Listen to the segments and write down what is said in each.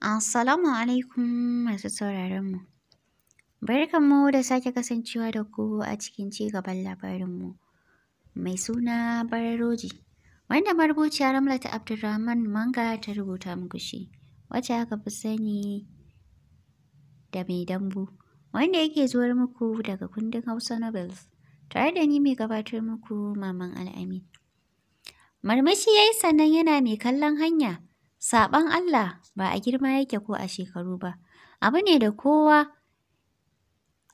Assalamu alaikum masu sauraronmu. Barkanmu da sake kasancewa da ku a cikin ci gaban labarinmu. Mai suna Bararoji, wanda marubuci marubuciya ta Abdulrahman Manga ta rubuta muku shi, wacce aka fi sani da mai dambu, wanda yake zuwar muku daga kundin Hausa Nobles, tare da ni mai gabatar muku Maman Al'amin. Marmashi ya yi sannan yana mai kallon hanya. saban Allah ba a girma yake ko a shekaru ba, abu ne da kowa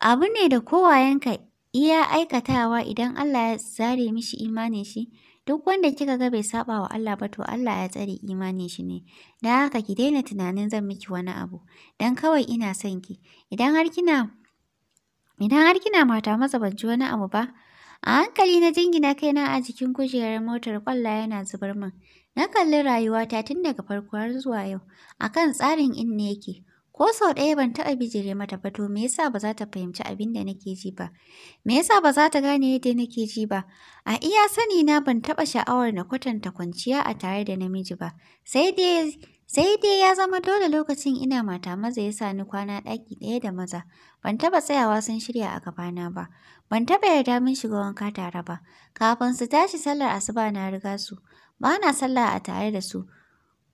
abu ne da yanka iya aikatawa idan Allah ya zare mishi imanin shi, duk wanda kika ga bai saba wa Allah ba to Allah ya tsare imanin shi ne, da haka ki daina tunanin zan miki wani abu, don kawai ina son ki, idan har kina idan har kina mata maza ban ji wani abu ba, a hankali na jingina kaina a jikin kujerar motar kwalla yana zubar min. Na kalli rayuwata tun daga farko har zuwa yau, akan tsarin in ne yake. Ko sau ɗaya ban taɓa bijire mata ba to me yasa ba za ta fahimci abin da nake ji ba? Me yasa ba za ta gane yadda nake ji ba? A iya sani na ban taɓa sha'awar na kwatanta kwanciya a tare da namiji ba. Sai dai sai dai ya zama dole lokacin ina mata maza ya sa ni kwana ɗaki ɗaya da maza. Ban taɓa tsayawa sun shirya a gabana ba. Ban taɓa yarda mun shiga wanka tare ba. Kafin su tashi sallar asuba na riga su. Ba na sallah a tare da su.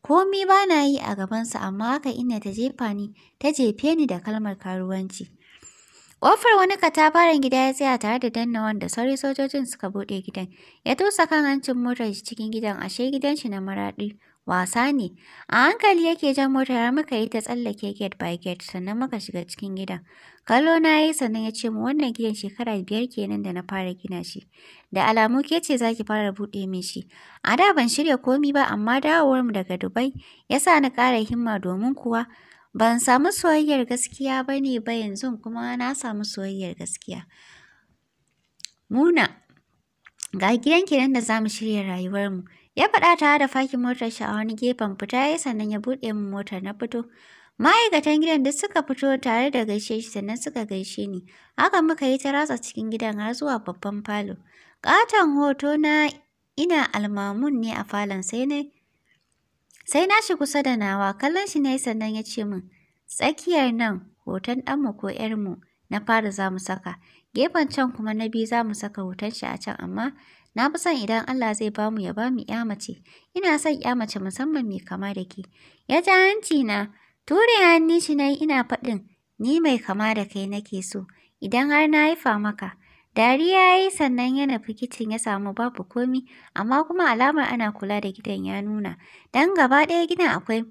Komi ba na yi a gabansu amma haka inna ta jefa ni, ta jefe ni da kalmar karuwanci. Ƙofar wani katafaren gida ya tsaya tare da danna wanda sauri sojojin suka buɗe gidan. Ya tosa kan hancin motar cikin gidan ashe gidan shi na maraɗi. wasa ne. A hankali yake jan mota, har muka yi ta tsallake gate by gate sannan muka shiga cikin gidan. Kallo na yi sannan ya ce mu wannan gidan shekara biyar kenan da na fara gina shi. Da alamu ke ce za fara buɗe min shi. A da ban shirya komi ba amma dawowarmu daga Dubai ya sa ni ƙara himma domin kuwa ban samu soyayyar gaskiya ba ne ba yanzu kuma na samu soyayyar gaskiya. Muna, ga gidan kenan da zamu mu shirya rayuwarmu. Ya faɗa tare da fakin motar shi a wani gefen fita ya sannan ya buɗe min motar na fito. Ma'aikatan gidan duk suka fito tare da gaishe shi sannan suka gaishe ni. Haka muka yi ta ratsa cikin gidan har zuwa babban falo. Ƙaton hoto na ina almamun ne a falon sai na sai na shi kusa da nawa kallon shi ne sannan ya ce min tsakiyar nan hoton ɗanmu ko ‘yarmu na fara za mu saka gefen can kuma na biyu za mu saka hoton shi a can amma Na fi son idan Allah zai bamu ya ba mu ƴa mace. Ina son ƴa mace musamman mai kama da ke. Ya ja hanci na, ture hannu shi na ina faɗin, ni mai kama da kai nake so, idan har na haifa maka. Dariya ya yi sannan yana fikicin kicin ya samu babu komi, amma kuma alamar ana kula da gidan ya nuna. Dan gaba ɗaya gidan akwai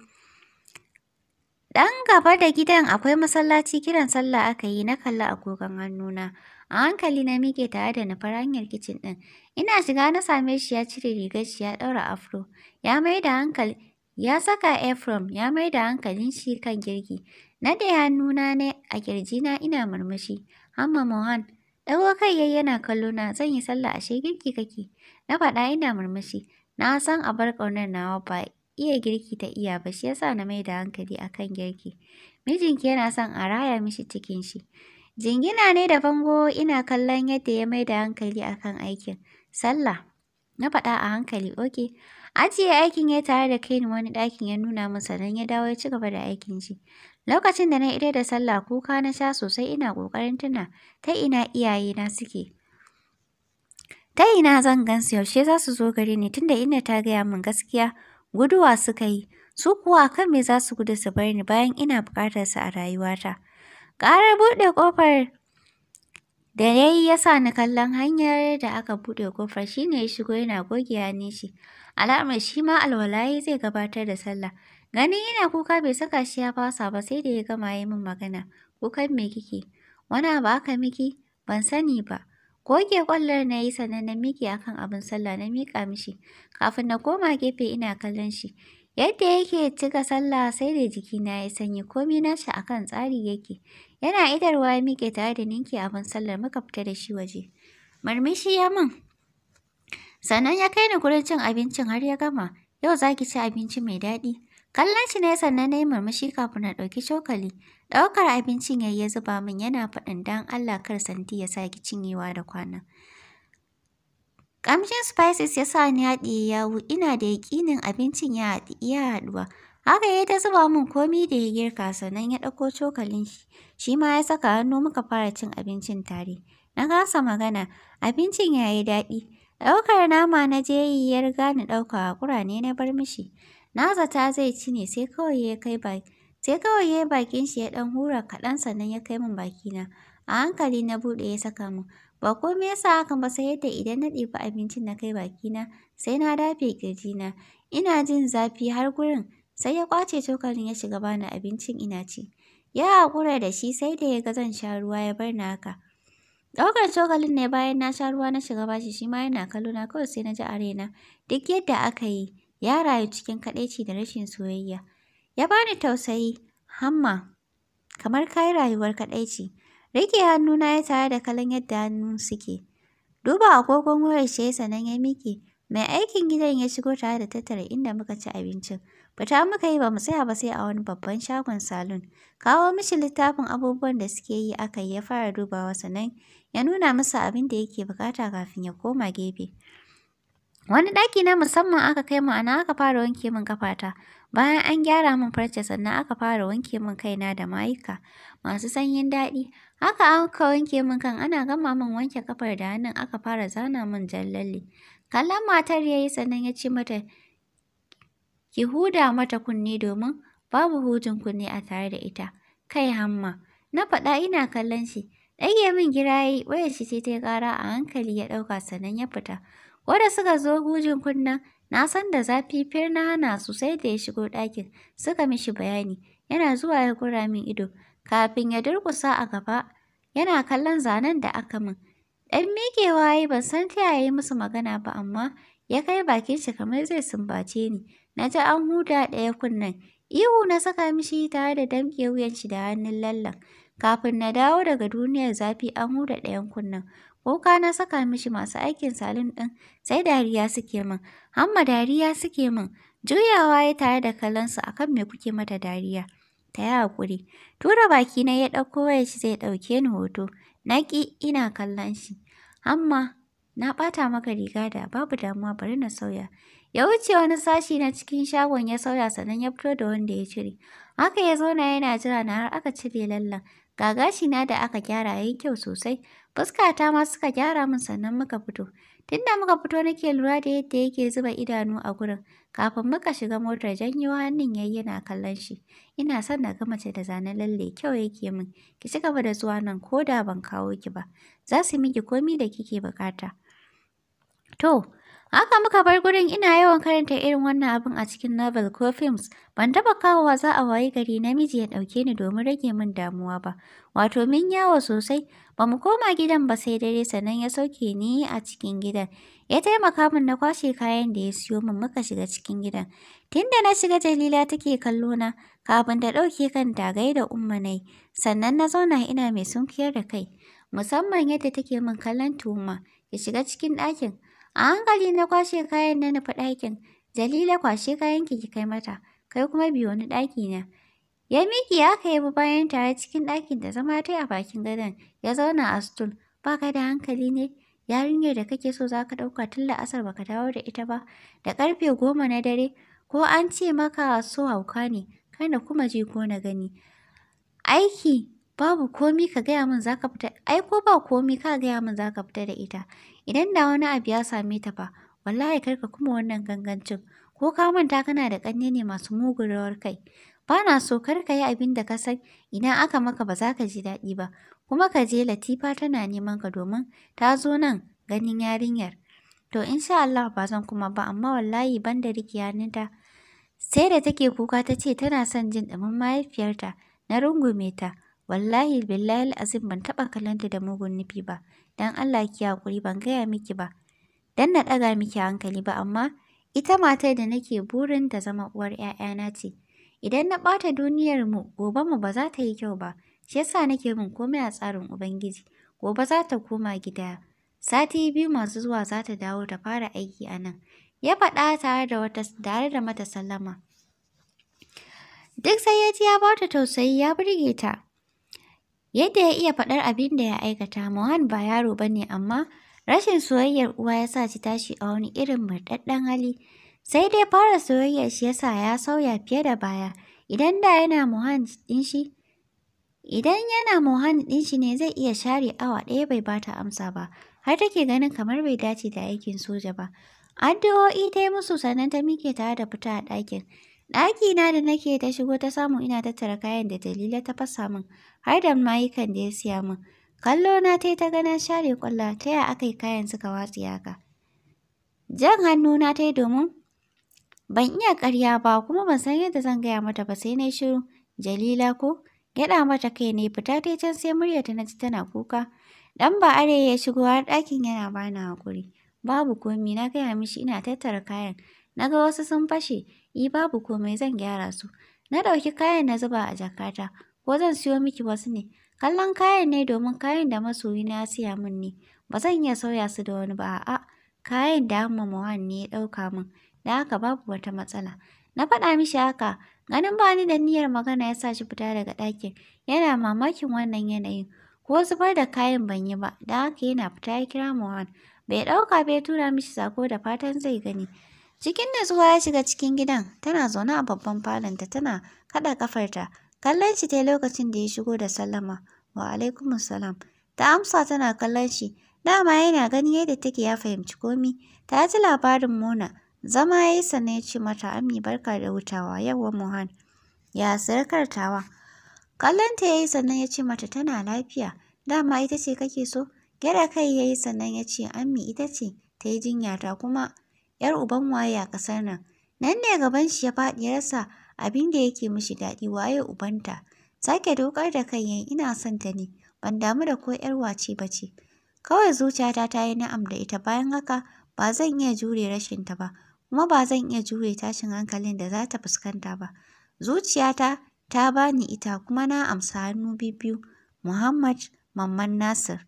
Dan gaba da gidan akwai masallaci kiran sallah aka yi na kalla agogon hannuna. A hankali na mike tare da nufar hanyar kicin ɗin. Ina shiga na same shi ya cire rigar shi ya ɗaura afro. Ya mai da hankali ya saka Ephraim ya mai da hankalin shi kan girki. Naɗe na ne a na ina murmushi. Hamma Mohan ɗago kai yayi yana kallo na zan yi sallah ashe girki kake. Na faɗa ina murmushi. Na san a bar ƙaunar nawa ba iya girki ta iya ba shi yasa na mai da hankali akan girki. Mijinki yana son a raya mishi cikin shi. Jingina ne da bango ina kallon yadda ya mai da hankali a kan aikin. Sallah. Na faɗa a hankali, oke. Ajiye aikin ya tare da kai ni wani ɗakin ya nuna masa don ya dawo ya ci gaba da aikin shi. Lokacin da na ida da sallah kuka na sha sosai ina ƙoƙarin tuna ta ina iyayena suke. Ta ina zan gansu yaushe za su zo gare ni tunda ina ta gaya min gaskiya guduwa suka yi. Su kuwa kan me za su gudu su bar ni bayan ina buƙatar su a rayuwata. Ƙarar buɗe ƙofar da ya yi ya sa ni kallon hanyar da aka buɗe ƙofar shi ne ya shigo yana goge hannun shi. Alamar shi ma alwalayi zai gabatar da sallah. Ganin yana kuka bai saka shi ya fasa ba sai da ya gama yi min magana. Kukan me kike? Wani abu aka miki? Ban sani ba. Goge ƙwallon na yi sannan na miƙe akan abin sallah na miƙa mishi. Kafin na koma gefe ina kallon shi. Yadda yake cika sallah sai da jikina ya sanyi komai nashi akan tsari yake. Yana idarwa ya miƙe tare da ninki abin sallar muka fita da shi waje. Murmushi ya min. Sannan ya kai ni gurin cin abincin har ya gama. Yau za ki ci abinci mai daɗi. Kallon shi ne sannan nayi yi murmushi kafin na ɗauki cokali. Ɗaukar abincin yayi ya zuba min yana faɗin dan Allah kar santi ya sa ki cinyewa da kwana. Ƙamshin spices ya sa ni ya yawu, ina da yaƙinin abincin ya iya haɗuwa. Haka ya ta zuba min komi da ya girka sannan ya ɗauko cokalin shi, shi ma ya saka hannu muka fara cin abincin tare. Na kasa magana, abincin ya yi daɗi. Ɗaukar nama na je yi ya riga ni ɗauka haƙura ne na bar mishi. Na zata zai ci ne sai kawai ya kai baki. Sai kawai ya yi bakin shi ya ɗan hura kaɗan sannan ya kai min bakina. A hankali na buɗe ya saka min. Ba komai ya sa hakan ba sai yadda idan na ɗebi abincin na kai bakina sai na dafe na Ina jin zafi har gurin sai ya kwace cokalin ya shiga bani abincin ina ci. Ya haƙura da shi sai da ya ga zan sha ruwa ya bar na haka. Ɗaukar cokalin ne bayan na sha ruwa na shiga bashi shi ma yana kallo na kawai sai na ji a raina. Duk yadda aka yi ya rayu cikin kaɗaici da rashin soyayya. Ya bani tausayi hamma kamar yi rayuwar kaɗaici. Rike hannuna ya tare da kallon yadda hannun suke. Duba agogon wayar shi ce sannan ya miƙe. Mai aikin gidan ya shigo tare da tattara inda muka ci abincin. Fita muka yi ba mu tsaya ba sai a wani babban shagon salon. Kawo mishi littafin abubuwan da suke yi aka ya fara dubawa sannan ya nuna masa abin da yake bukata kafin ya koma gefe. Wani ɗaki na musamman aka kai mu a nan aka fara wanke min kafata. Bayan an gyara min farce sannan aka fara wanke min kaina da mayuka masu sanyin daɗi. Haka aka wanke min kan ana gama min wanke kafar da hannun aka fara zana min lalle. Kallon matar ya yi sannan ya ce mata ki huda mata kunne domin babu hutun kunne a tare da ita. Kai hamma, na faɗa ina kallon shi. Ɗage min girayi wayar shi sai ta yi ƙara a hankali ya ɗauka sannan ya fita. Wanda suka zo hujin kunnen Na san da zafi fir na hana su sai da ya shigo ɗakin suka mishi bayani. Yana zuwa ya gura min ido kafin ya durƙusa a gaba yana kallon zanen da aka min. Ɗan miƙewa ya yi ban san ta yaya yi musu magana ba amma ya kai bakin shi kamar zai sumbace ni. Na ji an huda ɗaya kunnen. Ihu na saka mishi tare da damƙe wuyan shi da hannun lallan. Kafin na dawo daga duniyar zafi an huda ɗayan kunnen. ka na saka mishi masu aikin salon ɗin sai dariya suke min, hamma dariya suke min, juyawa ya tare da kallonsa akan me kuke mata dariya. Ta yi haƙuri, tura baki na ya ɗauko ya shi zai ɗauke ni hoto, na ƙi ina kallon shi. Amma na ɓata maka riga da babu damuwa bari na sauya. Ya wuce wani sashi na cikin shagon ya sauya sannan ya fito da wanda ya cire. Haka ya zauna yana jira na har aka cire lallan. Ga na da aka gyara ya kyau sosai. Fuskata ma suka gyara min sannan muka fito. Tunda muka fito nake lura da yadda yake zuba idanu a gurin. Kafin muka shiga motar janyo hannun yayi yana kallon shi. Ina son na ga mace da zanen lalle kyau yake min. Ki ci gaba da zuwa nan ko da ban kawo ki ba. Za su miki komi da kike bukata. To, Haka muka bar gurin ina yawan karanta irin wannan abin a cikin novel ko films. Ban taɓa kawowa za a wayi gari namiji ya ɗauke ni domin rage min damuwa ba. Wato min yawo sosai. Ba mu koma gidan ba sai dare sannan ya sauke ni a cikin gidan. Ya taimaka min na kwashe kayan da ya siyo min muka shiga cikin gidan. Tunda na shiga Jalila take kallo na kafin ta ɗauke kan dagai da umma yi Sannan na zauna ina mai sunkiyar da kai. Musamman yadda take min kallon tuhuma. Ya shiga cikin ɗakin. A hankali na kwashe kayan na nufi ɗakin. Jalila kwashe kayan ki kai mata, kai kuma biyo ni ɗaki na. Ya miki ya kai bi bayan tare cikin ɗakin da zama ta a bakin gadon, ya zauna a stool. Ba ka da hankali ne? Yarinyar da kake so za ka ɗauka tun la'asar baka dawo da ita ba, da ƙarfe goma na dare, ko an ce maka so hauka ne, kana kuma je ko na gani. Aiki babu komi ka gaya min za fita, ai ko ba komi ka gaya min za ka fita da ita. Idan da wani abu ya same ta fa, wallahi kar ka kuma wannan gangancin. Ko ka manta kana da kanne ne masu mugun rawar kai. Ba na so kar ka yi abin da ka san idan aka maka ba za ka ji daɗi ba. Kuma ka je Latifa tana neman ka domin ta zo nan ganin yarinyar. To insha Allah ba zan kuma ba amma wallahi ban da rikiyaninta. Sai da take kuka ta ce tana son jin ɗumin mahaifiyarta na rungume ta. Wallahi billahi azim ban taɓa kalanta da mugun nufi ba. dan Allah ki hakuri ban gaya miki ba Dan na ɗaga miki hankali ba amma ita matar da nake burin ta zama uwar 'ya'yana ce idan na bata duniyar mu gobe mu ba za ta yi kyau ba shi yasa nake bin komai a tsarin ubangiji gobe za ta koma gida sati biyu masu zuwa za ta dawo ta fara aiki a nan ya faɗa tare da wata tare da mata sallama duk sai ya ji ya bata tausayi ya burge ta Yadda ya iya faɗar abin da ya aikata, Mohan ba yaro ba ne amma rashin soyayyar uwa ya sa shi tashi a wani irin murɗaɗɗen hali. Sai dai fara soyayyar shi ya sa ya sauya fiye da baya. Idan da yana Mohan ɗin shi, Idan yana Mohan ɗin shi ne zai iya share awa ɗaya bai ba ta amsa ba, har take ganin kamar bai dace da aikin soja ba. Addu'o'i ta yi musu sannan ta miƙe tare da fita a ɗakin. Ɗakina da nake ta shigo ta samu ina tattara kayan da Dalila ta fasa min, har da mayukan da ya siya min. Kallo na tai ta gana share kwalla ta ya aka kayan suka watsi haka. Jan hannu na tai domin ban iya ƙarya ba kuma ban san yadda zan gaya mata ba sai na shiru. Jalila ko gyaɗa mata kai ne fita tai can sai muryarta na ji tana kuka. Dan ba are ya shigo har ɗakin yana bani hakuri. Babu komi na gaya mishi ina tattara kayan. Na ga wasu sun fashe Yi eh, babu komai zan gyara su na ɗauki kayan na zuba a jakata ko zan siyo miki wasu ne kallon kayan ne domin kayan da masoyina ya siya min ne ba zan iya sauya su da wani ba a'a kayan da amma mawan ne ya ɗauka min da haka babu wata matsala na faɗa mishi haka ganin ba ni da niyyar magana ya sa shi fita daga ɗakin yana mamakin wannan yanayin ko zubar da kayan ban yi ba da haka yana fita ya kira mawan. bai ɗauka bai tura mishi sako da fatan zai gani Cikin natsuwa ya shiga cikin gidan, tana zaune a babban falonta tana kaɗa ƙafarta. Kallon shi ta lokacin da ya shigo da sallama. Wa alaikum salam. Ta amsa tana kallon shi. Dama yana gani yadda take ya fahimci komi. Ta ji labarin Mona. Zama ya yi sannan ya ce mata Ami barka da hutawa yawa Mohan. Ya sirkar tawa. Kallon ta ya yi sannan ya ce mata tana lafiya. Dama ita ce kake so? Gyara kai ya yi sannan ya ce Ami ita ce. Ta yi jinya ta kuma ‘yar uban waye a ƙasar nan. Nan ne gaban shi ya faɗi ya rasa abin da yake mishi daɗi waye ubanta. Sake dokar da kai yayi ina son ta ne, ban damu da ko ‘yar wace ba ce. Kawai zuciyata ta yi na'am da ita bayan haka ba zan iya jure rashin ta ba, kuma ba zan iya jure tashin hankalin da za ta fuskanta ba. Zuciyata ta bani ita kuma na amsa hannu biyu Muhammad Mamman Nasir.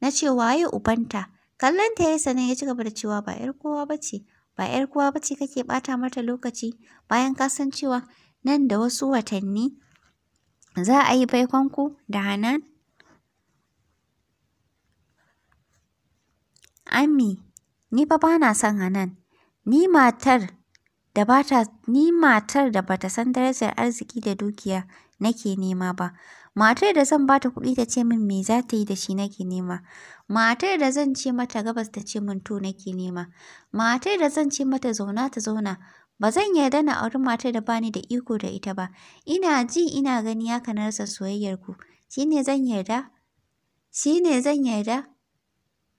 Na ce waye ubanta, Kallon ta yayi sannan ya ci gaba da cewa ba 'yar kowa bace ba ƴar kowa bace kake ɓata mata lokaci bayan ka san cewa nan da wasu watanni za a yi baikonku da Hanan. Ami, ni ba na son Hanan, ni matar da bata ni matar da bata san darajar arziki da dukiya nake nema ba. Matar da zan bata kuɗi ta ce min me za ta yi da shi nake nema. Matar da zan ce mata gabas ta ce min to nake nema. Matar da zan ce mata zauna ta zauna. Ba zan yarda na auri matar da bani da iko da ita ba. Ina ji ina gani ya na rasa soyayyar ku. Shi ne zan yarda? Shi zan yarda?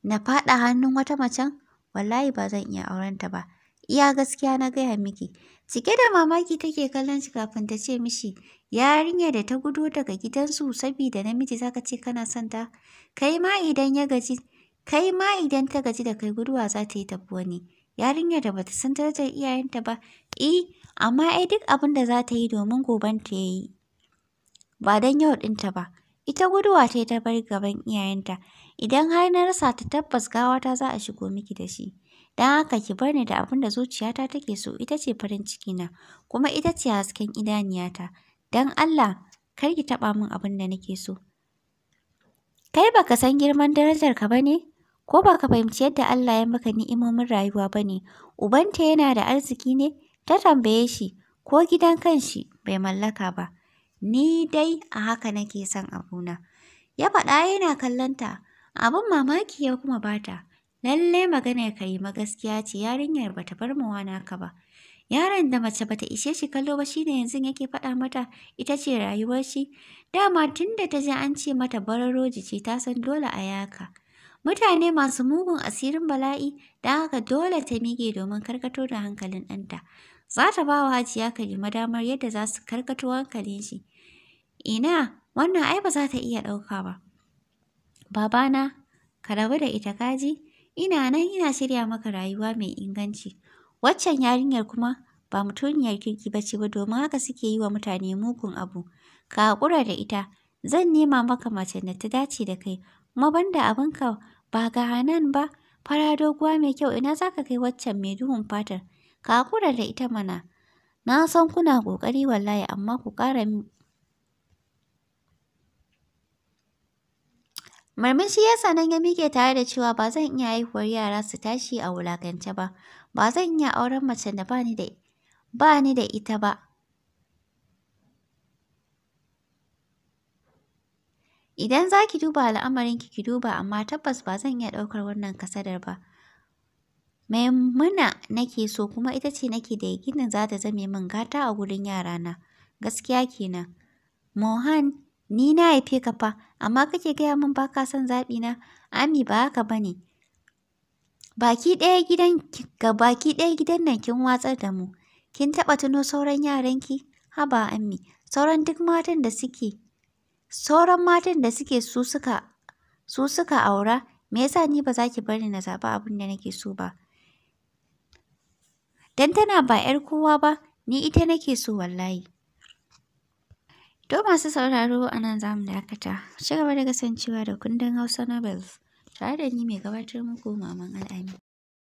Na faɗa hannun wata macen? Wallahi ba zan iya aurenta ba. Iya gaskiya na gaya miki. Cike da mamaki take kallon shi kafin ta ce mishi, yarinya da ta gudu daga gidansu saboda namiji zaka ce kana son ta. Kai ma idan ya gaji, kai ma idan ta gaji da kai guduwa za ta yi tafi wani. Yarinyar da bata san darajar iyayenta ba, eh, amma ai duk abin da za ta yi domin gobanta ya yi. Ba don yau ɗinta ba, ita guduwa ta yi ta bar gaban iyayenta. Idan har na rasa ta tabbas gawa ta za a shigo miki da shi. Don haka ki bar ni da abin da zuciyata take so ita ce farin na kuma ita ce hasken idaniyata. Don Allah kar ki taɓa min abin da nake so. Kai baka san girman darajar ka bane Ko baka fahimci yadda Allah ya maka ni'imomin rayuwa bane ne? Ubanta yana da arziki ne? Ta tambaye shi ko gidan kanshi bai mallaka ba. Ni dai a haka nake son abuna. Ya faɗa yana kallonta. Abin mamaki ya kuma bata. Lallai maganar Karima gaskiya ce yarinyar bata bar mu naka ba. Yaron da mace bata ishe shi kallo ba shine yanzu yake faɗa mata ita ce rayuwar shi. Dama tun da ta ji an ce mata bararo ce ta san dole a yaka. Mutane masu mugun asirin bala'i da haka dole ta mige domin karkato da hankalin ɗanta. Za ta ba wa Hajiya Karima damar yadda za su karkato hankalin shi. Ina, wannan ai ba za ta iya ɗauka ba. Babana, ka rabu da ita kaji? ina nan ina shirya maka rayuwa mai inganci. Waccan yarinyar kuma ba mutuniyar kirki ba ce ba domin haka suke yi wa mutane mugun abu. Ka haƙura da ita, zan nema maka mace da ta dace da kai, kuma banda ka ba ga Hanan ba, fara doguwa mai kyau ina za ka kai waccan mai duhun fatar. Ka haƙura da ita mana. Na san kuna ƙoƙari wallahi amma ku ƙara marmashi ya nan ya mike tare da cewa ba zan iya haihuwar yara su tashi a wulakance ba, ba zan iya auren macen da ba da ita ba. Idan za ki duba al'amarinki ki duba amma tabbas ba zan iya ɗaukar wannan kasadar ba. Maimuna nake so kuma ita ce nake da yakinin za ta zame min gata a gurin yarana. Gaskiya kenan. Mohan Ni na haife ka fa, amma kake gaya min ba ka son na Ami ba haka ba ne. Baki ɗaya gidan nan kin watsar da mu. Kin taɓa tuno sauran yaranki? Haba Ami, sauran duk matan da suke sauran matan da suke su suka su suka aura, me yasa ni ba za ki bari na zaɓi abin da nake so ba? Dan tana ba 'yar kowa ba, ni ita nake so wallahi. To masu sauraro a nan za mu dakata. Ci gaba da kasancewa da kundin Hausa Novels tare da ni mai gabatar muku Maman al'ami